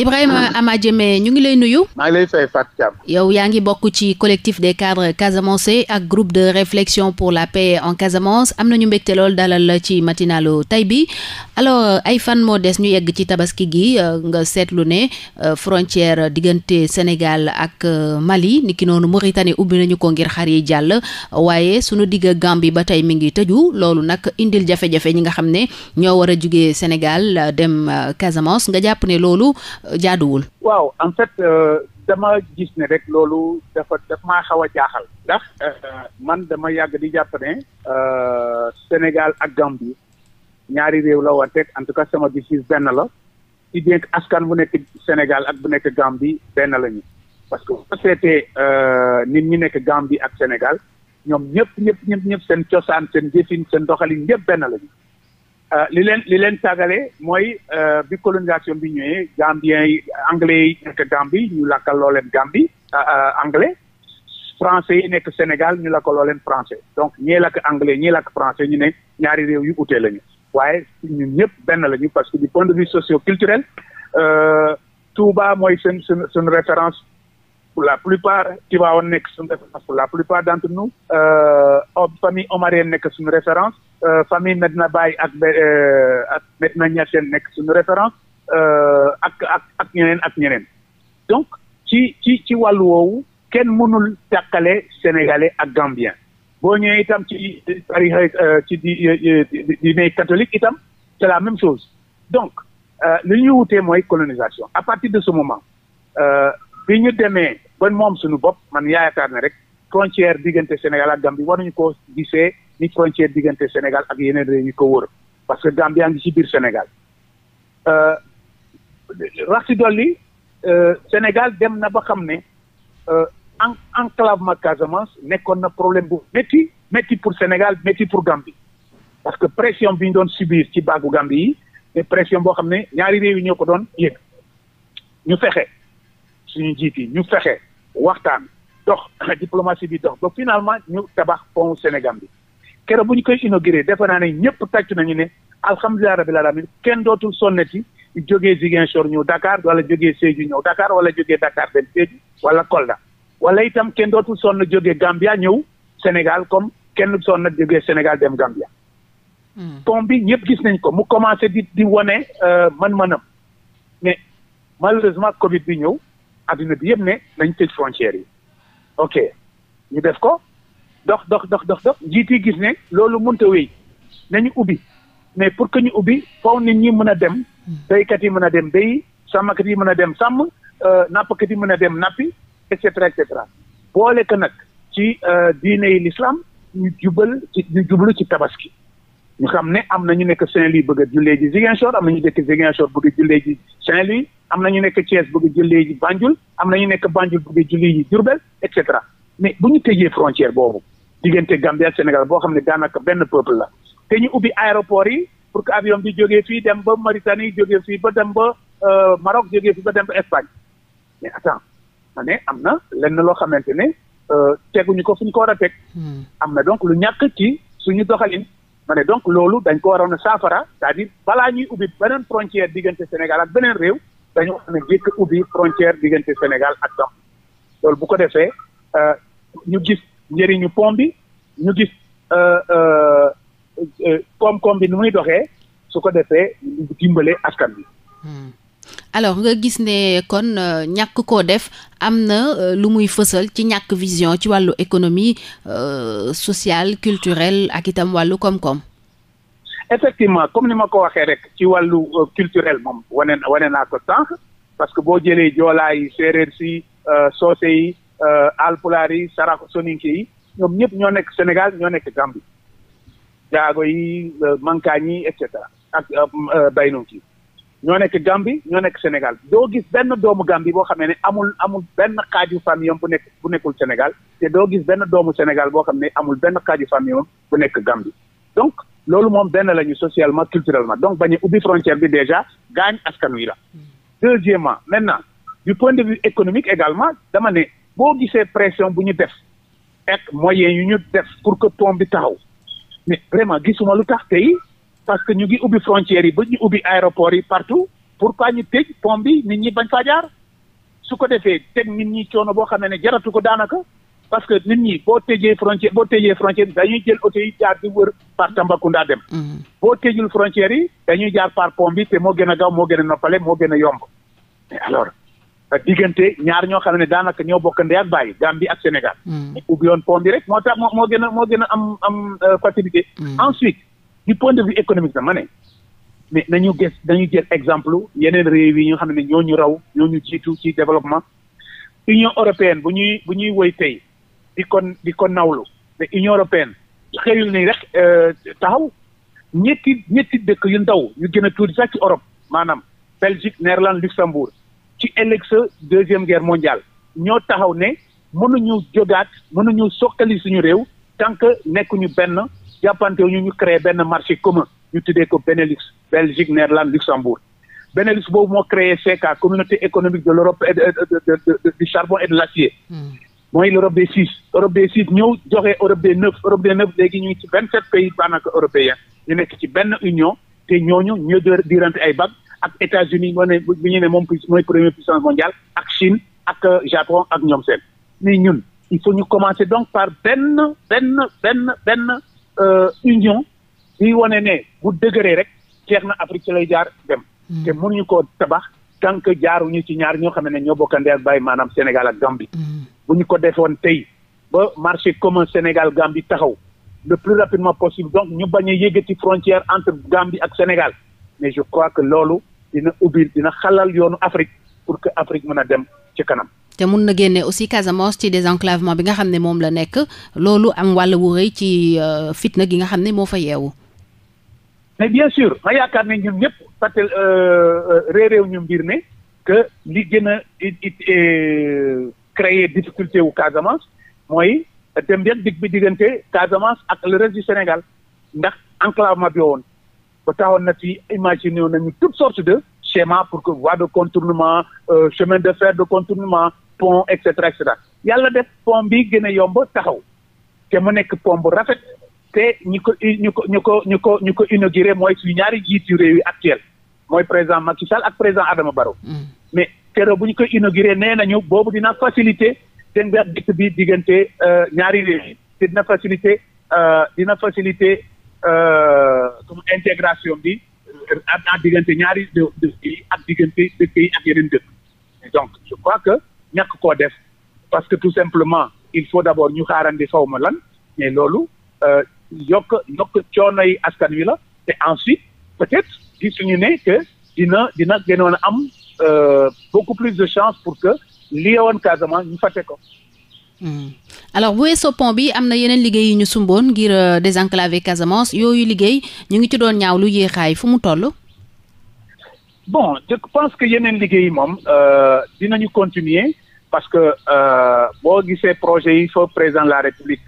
Ibrahima ah. Ama Diémé ñu ngi lay nuyu. yow yaa ngi bokk ci collectif des cadres casamançais ak groupe de réflexion pour la paix en Casamance am nañu mbégte lool dalal ci matinalu tay bi alors ay fan moo des ñu yegg ci tabaski gi euh, nga seetlu ne euh, frontière diggante Sénégal ak euh, Mali ki noonu Mauritanie ubbi nañu ko ngir xar yi jàll waaye sunu digg Gambie ba tey mi ngi tëju loolu nag indil jafe-jafe ñi nga xam ne ñoo war a jugee Sénégal dem Casamance nga jàpp ne loolu. jaaduwul. waaw en fait euh, dama gis ne rek loolu dafa dafa maa xaw a jaaxal. ndax euh, man dama yàgg di jàpp ne. Euh, Sénégal ak Gambie ñaari réew la woon teg en tout cas sama gis-gis benn la. si bien askan bu nekk Sénégal ak bu nekk Gambie benn la ñu. parce que boo seetee nit ñi nekk Gambie ak Sénégal ñoom ñëpp ñëpp ñëpp ñëpp seen cosaan seen jëfin seen doxalin ñëpp benn la Euh, li leen li leen tàggale mooy euh, bi colonisation bi ñëwee gambien yi anglais yi nekk Gambie ñu lakkal loo leen Gambie euh, anglais français yi nekk Sénégal ñu lakkal loo leen français donc ñii lakk anglais ñii lakk français ñu ne ñaari réew yu utee lañu waaye ñun ñëpp benn lañu parce que du point de vue socio-culturel Touba mooy seen seen seen référence pour la plupart Tivaouane nekk suñu référence pour la plupart d'entre nous famille omarienne nekk suñu référence Euh, famille Medina Baye ak euh, ak Medina Niassène nekk suñu référence euh, ak ak ak ñeneen ak ñeneen donc ci ci ci wàllu woowu kenn mënul tàqale sénégalais ak gambien boo ñëwee itam ci pari ci di diine catholique itam c'est la même chose donc li ñu wutee mooy colonisation à partir de ce moment bi ñu demee ba moom suñu bopp man yaakaar ne rek frontière diggante Sénégal ak Gambie waruñu ko gisee ni frontière diggante Sénégal ak yeneen réew yi ko wër parce que Gambia ngi ci biir Sénégal euh, rax ci dolli euh, Sénégal dem na ba xam ne euh, en enclavement Casamance nekkoon na problème bu métti métti pour Sénégal métti pour Gambie parce que pression bi ñu doon subir ci baagu Gambie yi mais pression boo xam ne ñaari réew yi ñoo ko doon yëg ñu fexe suñu jiit yi ñu fexe waxtaan dox diplomatie bi dox ba finalement ñu tabax pont Sénégal bi keroog bu ñu koy inauguré defe naa ne ñëpp tàcc nañu ne alhamdulilah rabil alamin kenn dootul sonneti jógee Ziguinchor ñëw Dakar wala jógee Sédhiou ñëw Dakar wala jógee Dakar dem Sédhiou wala Kolda wala itam kenn dootul sonn jóge Gambia ñëw Sénégal comme kenn sonn jógee Sénégal dem Gambia. Hmm. pont bi ñëpp gis nañ ko mu commencé di di wane euh, man mënam mais malheureusement Covid bi ñëw adduna bi yëpp ne nañ tëj frontières yi ok ñu def ko. dox dox dox dox dox jiit yi gis ne loolu mënut a wéy nañu ubbi mais pour que ñu ubbi fow nit ñi mën a dem béykat yi mën a dem béy sàmmkat yi mën a dem sàmm euh, nappkat yi mën a dem nappi et cetera et cetera boole nag ci euh, diine yi l'islam ñu jubal ci ñu jublu ci tabaski ñu xam ne am na ñu nekk Saint-Louis bëgg a jullee ji Ziguinchor am ñu nekk Ziguinchor bëgg a jullee ji Saint-Louis am na ñu nekk Thiès bëgg a jullee ji Banjul am na ñu nekk Banjul bëgg a jullee ji Diourbel et cetera mais bu ñu tëjee frontière boobu diggante Gambie Sénégal boo xam ne daanaka benn peuple la te ñu ubbi aéroport yi pour que avion bi jógee fii dem ba Mauritanie jógee fii ba dem ba euh, Maroc jógee fii ba dem ba Espagne mais attends ma am na lenn loo xamante ne euh, teguñu ko fu ñu ko war a teg. Hmm. am na donc lu ñàkk ci suñu doxalin. ma ne donc loolu dañ ko waroon a saafara cest balaa ñuy ubbi beneen frontière diggante Sénégal ak beneen réew dañu wax ne jëkk ubbi frontière diggante Sénégal ak donc loolu bu ko defee euh, ñu gis njëriñu pont bi ñu gis euh, euh, euh, koom-koom bi nu muy doxee su ko defee dimbale askan bi hmm. alors nga gis ne kon ñàkk ko def am na lu muy fësal ci ñàkk vision ci wàllu économie sociale culturelle ak itam wàllu koom-koom comme ni ma ko waxee rek ci wàllu culturel moom wane wane naa ko sànq parce que boo jëlee joolaa yi séeréer si soose yi Euh, alpulaar yi sarako yi ñoom ñëpp ñoo nekk Sénégal ñoo nekk Gambie jaago yi euh, mankaañ yi et cetera ak euh, baynunki ñoo nekk Gambie ñoo nekk Sénégal doo gis benn doomu Gambie boo xam ne amul amul benn xaaju famille am bu nekk bu nekkul Sénégal te doo gis benn doomu Sénégal boo xam ne amul benn xaaju famille am bu nekk Gambie donc loolu moom benn la ñu socialement culturellement donc bañ a ubbi frontière bi déjà gaañ askan wi la. Hmm. deuxièmement maintenant du point de vue économique également dama ne. boo gisee pression bu ñu def ak moyen yu ñu def pour que pont bi taxaw mais vraiment gisuma lu tax tey parce que ñu ngi ubbi frontières yi ba ñu ubbi aéroports yi partout pour pas ñu tëj pont bi nit ñi bañ faa jaar su ko defee teg nit ñi coono boo xam ne jaratu ko daanaka parce que nit ñi boo tëjee frontière boo tëjee frontière yi dañuy jël oto yi jaar di wër par Tambacounda dem. Mm-hmm. boo tëjul frontière yi dañuy jaar par pont bi te moo gën a gaaw moo gën a noppale moo gën a yomb mais diggante ñaar ñoo xam ne daanaka ñoo bokk ndey ak bàyyi Gambie ak Sénégal. mu hmm. ubbi woon pont rek moo tax moo moo gën moo gën a am am euh, facilité. Hmm. ensuite du point de vue économique sax ma ne. mais nañu gis nañu jël exemple yeneen réew yi ñu xam ne ñoo ñu raw ñoo ñu jiitu ci développement. Union européenne bu ñuy bu ñuy woy tey di ko di kon nawlu mais Union européenne xëyul ni rek euh, taxaw ñetti ñetti dëkk yu ndaw yu gën a tuuti sax ci Europe maanaam Belgique Néerlande Luxembourg. ci ëllëg deuxième guerre mondiale ñoo taxaw ne mënuñu jógaat mënuñu soqali suñu réew tant que nekkuñu benn jàppante ñu ñu créé benn marché commun ñu tuddee ko Benelux Belgique Néerlande Luxembourg Benelux boobu moo créé CECA communauté économique de l'Europe et du charbon et de l'acier hmm. mooy l'Europe des six Europe des six ñëw joxe Europe des neuf Europe des neuf léegi ñu ngi ci vingt sept pays daanaka européen ñu nekk ci benn union te ñooñu ñoo dirante ay bag ak États-Unis moo ne ñu ne moom mooy première puissance mondiale ak Chine ak euh, Japon ak ñoom seen mais ñun il faut ñu commencer donc par benn benn benn benn euh, union bi wane ne bu dëgëree rek jeex na Afrique ci lay jaar dem hmm. te mënuñu ko tabax tant que jaaruñu ci ñaar ñoo xam ne ñoo bokkandee ak bàyyi maanaam Sénégal ak Gambie hmm. bu ñu ko defoon tey ba marché comme Sénégal Gambie taxaw le plus rapidement possible donc ñu bañ a yëgati frontière entre Gambie ak Sénégal mais je crois que loolu dina ubbil dina xalal yoonu Afrique pour que Afrique mën a dem ci kanam. te mun na génne aussi Casamance ci désenclavement bi nga xam ne moom la nekk loolu am wàll wu rëy ci euh, fitna gi nga xam ne moo fa yeewu. mais bien sûr ma yaakaar ne ñun ñëpp fàtte euh, euh, réeréew ñu mbir ne que li gën a créer difficulté wu Casamance mooy dem bi diggante Casamance ak le reste Sénégal ndax enclavement bi woon o taxoon na fi imaginer nañu toutes sortes de schémas pour que voie de contournement euh, chemin de fer de contournement pont et cetera et cetera yàlla def pont bi gën a yomb taxaw te mu nekk pont bu rafet te ñi ko ñu ko ñu ko ñu ko ñu ko inauguré mooy suñu ñaari jiitu réew yi actuel mooy président Macky Sall ak président Adama Barrow mm. mais keroog bu ñu ko inauguré nee nañu boobu dina facilité seen dikk bi diggante euh, ñaari réew yi te dina facilité euh, dina facilité Euh, comme intégration bi à euh, diggante ñaari dëkk yi ak diggante dëkk yi ak yeneen dëkk donc je crois que ñàkk koo def parce que tout simplement il faut d'abord ñu xaarandi sow ma lan mais loolu euh, yokk yokk coono yi askan wi la te ensuite peut-être gisuñu ne que dina dina gënoon a am beaucoup plus de chance pour que li woon Casamance ñu fàtte ko Hmm. alors bu weesoo pont bi am na yeneen liggéey yi ñu sumboon ngir euh, désenclaver Casamance yooyu liggéey ñu ngi ci doon ñaaw lu yéexaay fu mu toll. bon je pense que yeneen liggéey yi moom euh, dinañu continuer parce que euh, boo gisee projet yi fa président de la République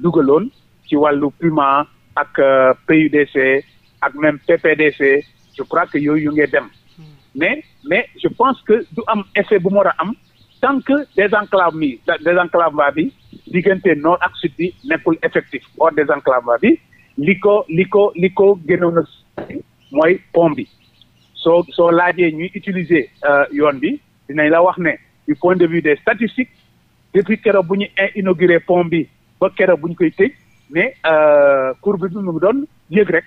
dugaloon ci wàllu PUMA ak PUDC ak même PPDC je crois que yooyu yu ngi dem hmm. mais mais je pense que du am effet bu mu a am. tant que des désenclavement bi désenclavement bi diggante nord ak sud bi nekkul effectif hors désenclavement bi li ko li ko li ko gënoon a mooy pont bi soo soo laajee ñuy utiliser euh, yoon bi dinañ la wax ne du point de vue des statistiques depuis keroog bu ñu inauguré pont bi ba keroog bu ñu koy tëj mais euh, courbe bi mu ngi doon yëg rek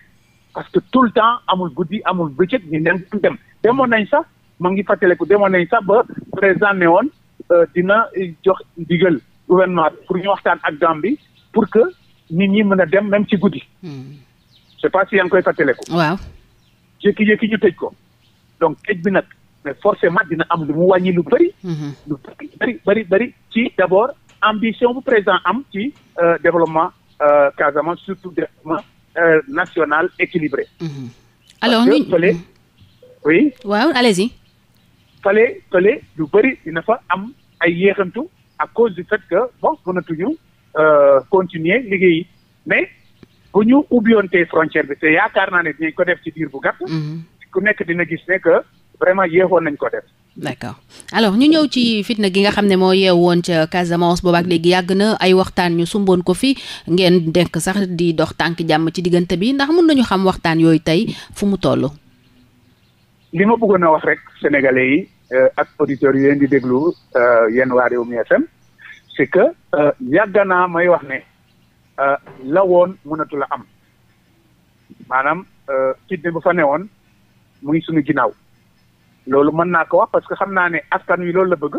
parce que tout le temps amul guddi amul bëccëg ñu leen dem demoon nañ sax ma ngi fàttaliku demoon nañ sax ba président woon Euh, dina jox ndigal gouvernement pour ñu waxtaan ak Gambie pour que nit ñi mën a dem même ci guddi. Hmm. je sais pas si yaa ngi koy fàttaliku. waaw jékki-jékki ñu tëj ko donc tëj bi nag mais forcément dina am lu mu wàññi lu bëri. Hmm. lu bëri bëri bëri ci d' abord ambition bu président am ci euh, développement euh, Casamance surtout développement national équilibré. Hmm. alors ñu oui. waaw allez-y. fale fale lu bëri dina fa am ay yéexantu ak cause du fait que bon mënatuñu euh, continuer liggéey yi mais bu ñu ubbiyoontee frontière bi te yaakaar naa ne dinañ ko def ci diir bu gàtt. Mhm. ku nekk dina gis ne vraiment yéexoon nañ ko def. d'accord alors ñu ñëw ci fitna gi nga xam ne moo yeewoon ca Casamance boobaak léegi yàgg na ay waxtaan ñu sumboon ko fi ngeen denk sax di dox tànk jàmm ci diggante bi ndax mun nañu xam waxtaan yooyu tey fu mu toll. li ma bëggoon a wax rek sénégalais yi euh, ak auditeurs yi leen di déglu euh, yéen waa Rewmi FM c'est que euh, yàgg naa may wax ne la woon mënatu la am maanaam fitne bu fa woon mu ngi suñu ginnaaw loolu mën naa ko wax parce que xam naa ne askan wi loolu la bëgg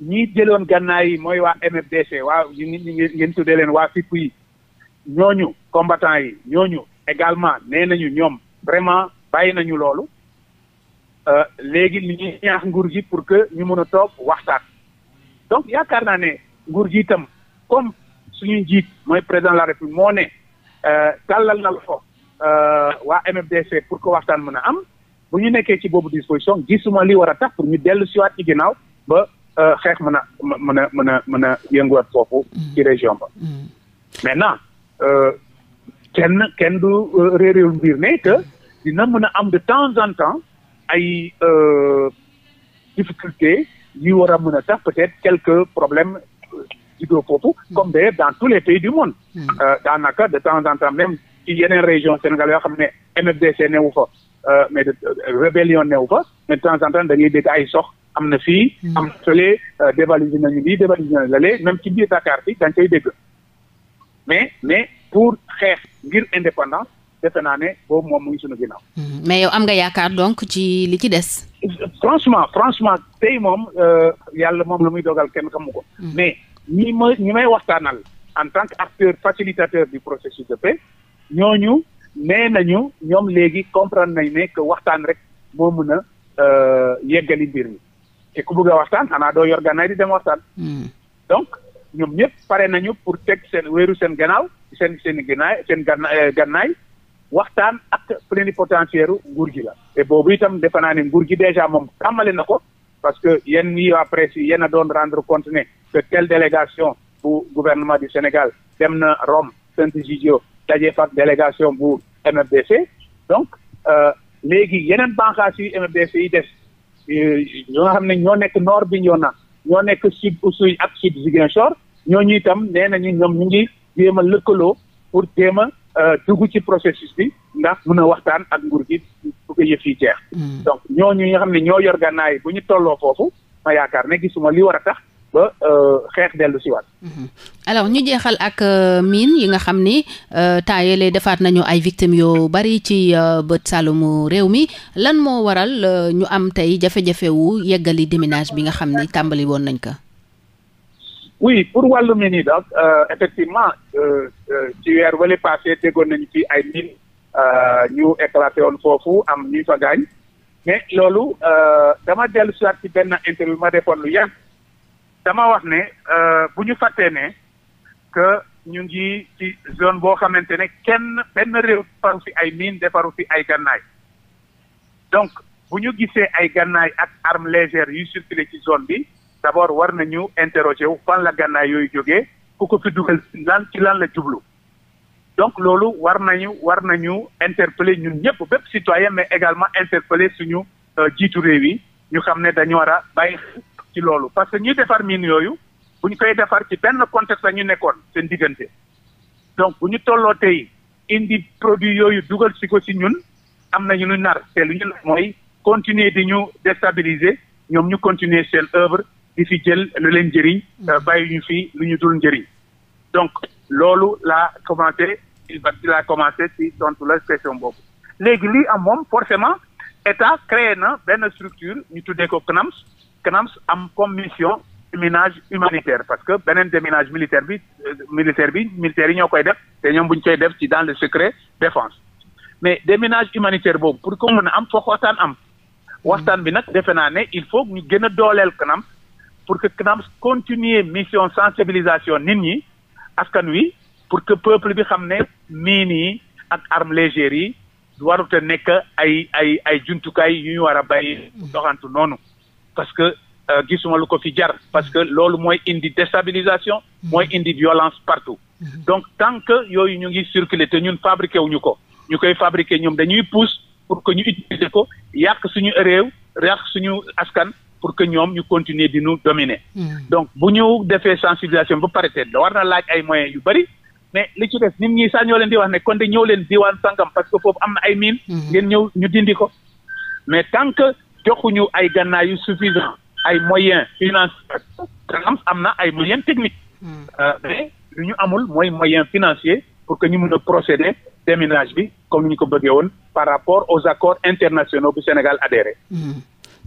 ñi jëloon gànnaay yi mooy wax waa MFDC waa ñi ngeen tuddee leen waa FIP yi ñooñu combattant yi ñooñu également nee nañu ñoom vraiment bàyyi nañu loolu Euh, léegi mi ñuy ñaax nguur gi pour que ñu mën a toog waxtaan donc yaakaar naa ne nguur gi itam comme suñu jiit mooy président la république moo ne euh, tàllal na loxo euh, waa MFDC pour que waxtaan mën a am bu ñu nekkee ci boobu disposition gisuma li war a tax pour ñu dellu siwaat ci ginnaaw ba xeex mën a mën a mën a mën a yënguwaat foofu ci mm-hmm. région ba mm-hmm. maintenant kenn kenn du réeréew mbiir ne que dina mën a am de temps en temps ay euh, difficultés yi war a mën a tax peut-être quelques problèmes juddoo euh, foofu comme d'ailleurs dans tous les pays du monde hmm. euh, daanaka de temps en temps même ci yeneen région Sénégal yoo xam ne MFDC newu fa mais rébellion newu fa mais de temps en temps da dégg ay sox am na fi hmm. am na fële nañu lii dévaliser nañu lalee même ci biir Dakar bi dañ koy dégg mais mais pour xeex ngir indépendance defe naa ne boobu moom mu ngi suñu ginnaaw. Hmm. mais yow am nga yaakaar donc ci li ci des. franchement franchement tey moom euh, yàlla moom la muy dogal kenn xamu ko. Hmm. mais ñi ma ñi may waxtaanal en tant que acteur facilitateur du processus de paix ñooñu nee nañu ñoom léegi comprendre nañ ne waxtaan rek moo mën a euh, yeggali mbir mi te ku bëgg waxtaan xanaa doo yor gannaay di dem waxtaan. Hmm. donc ñoom ñëpp pare nañu pour teg seen wéeru seen gannaaw seen seen i gannaay seen gannaay euh, waxtaan ak plénipotentiaire nguur gi la te boobu itam defe naa ne nguur gi déjà moom xamale na ko parce que yéen ñi après presse yéen a doon rendre compte ne que telle délégation bu gouvernement du Sénégal dem na Rome Sant'Egidio daje fa ak délégation bu MFDC donc euh, léegi yeneen bànqaas yu MFDC yi des ñoo euh, xam ne ñoo nekk nord bi ñoo na ñoo nekk sud Oussouye ak sud ñoo ñooñu itam nee ñu ñoom ñu ngi jéem a lëkkaloo pour jéem a Euh, dugg ci processus bi ndax mun a waxtaan ak nguur gi bu ko yëf yi jeex. Hmm. donc ñooñu nga xam ne ñoo yor gànnaay bu ñu tolloo foofu ma yaakaar ne gisuma li war a tax. ba euh, xeex dellu si waat. Hmm. alors ñu jeexal ak euh, mine yi nga xam ni temps yële defaat nañu ay victimes yu bari ci bët sàllumu réew mi lan moo waral ñu am tey jafe-jafe wu yeggali déminage bi nga xam ni tàmbali woon nañ ko. oui pour wàllu mi nii donc euh, effectivement euh, euh, ci weer wala passé déggoon nañu fi ay mine ñu éclaté woon foofu am ñu fa gaañ mais loolu dama dellu siwaat ci benn interview ma defoon lu yàgg dama wax ne bu ñu fàttee ne que ñu ngi ci zone boo xamante ne kenn benn réew defaru fi ay mine defaru fi ay gànnaay donc bu ñu gisee ay gànnaay ak armes légères yuy circulé ci zone bi d' abord war nañu interroger wu fan la gànnaay yooyu jógee ku ko fi dugal lan ci lan la jublu donc loolu war nañu war nañu interpeller ñun ñëpp bépp citoyen mais également interpeller suñu euh, jiitu réew yi ñu xam ne dañu war a bàyyi ci loolu parce que ñuy defar mine yooyu bu ñu koy defar ci benn contexte la ñu nekkoon seen diggante donc bu ñu tolloo tey indi produit yooyu dugal si ko si ñun am nañu lu nar te lu ñu nar mooy continuer di ñu déstabiliser ñoom ñu continuer seen œuvre di fi jël lu leen njëriñ mm. euh, bàyyi ñu fi lu ñu dul njëriñ donc loolu laa commencé laa commencé ci tontu la question boobu léegi lii am moom forcément état créé na benn structure ñu tuddee ko CNAMS CNAMS am comme mission déminage humanitaire parce que beneen déminage militaire bi euh, militaire bi militaire yi ñoo koy def te ñoom buñ ñu koy def ci dans le secret défense mais déminage humanitaire boobu pour que mën a am foog waxtaan am waxtaan bi nag defe naa ne il faut ñu gën a dooleel CNAMS pour que CNAMS continuer mission sensibilisation nit ñi askan wi pour que peuple bi xam ne mine yi ak armes légères yi warut nekk ay ay ay jumtukaay yu ñu war a bàyyi doxantu noonu parce que euh, gisuma lu ko fi jar parce que loolu mooy indi déstabilisation mooy indi violence partout donc tant que yooyu ñu ngi circuler te ñun fabriqué wuñu ko ñu koy fabriqué ñoom dañuy pousse pour que ñu utiliser ko yàq suñu réew yàq suñu askan pour que ñoom ñu continuer di ñu dominer. Hmm. donc bu ñu defee sensibilisation ba pare te war na laaj ay moyens yu bari mais li ci des nit ñi sax ñoo leen di wax ne kon de ñëw leen diwaan sangam parce que foofu am na ay mine. Hmm. ngeen ñëw ñu dindi ko. mais tant que joxuñu ay gannaayu yu suffisant ay moyens financiers am na ay moyens techniques. Hmm. Euh, lu ñu amul mooy moyen financier pour que ñu mun a procéder déminage bi comme ni ñu ko bëggee woon par rapport aux accords internationaux bu Sénégal adhéré.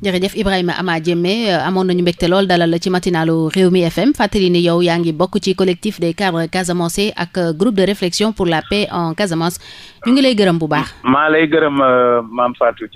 jërëjëf Ibrahima Ama Diémé euh, amoon nañu mbégte lool dalal la ci matinalu Rewmi FM fàttali ni yow yaa ngi bokk ci collectif des cadres casamançais ak euh, groupe de réflexion pour la paix en Casamance ñu ngi lay gërëm bu baax. maa lay gërëm euh, maam Fatou Thiam.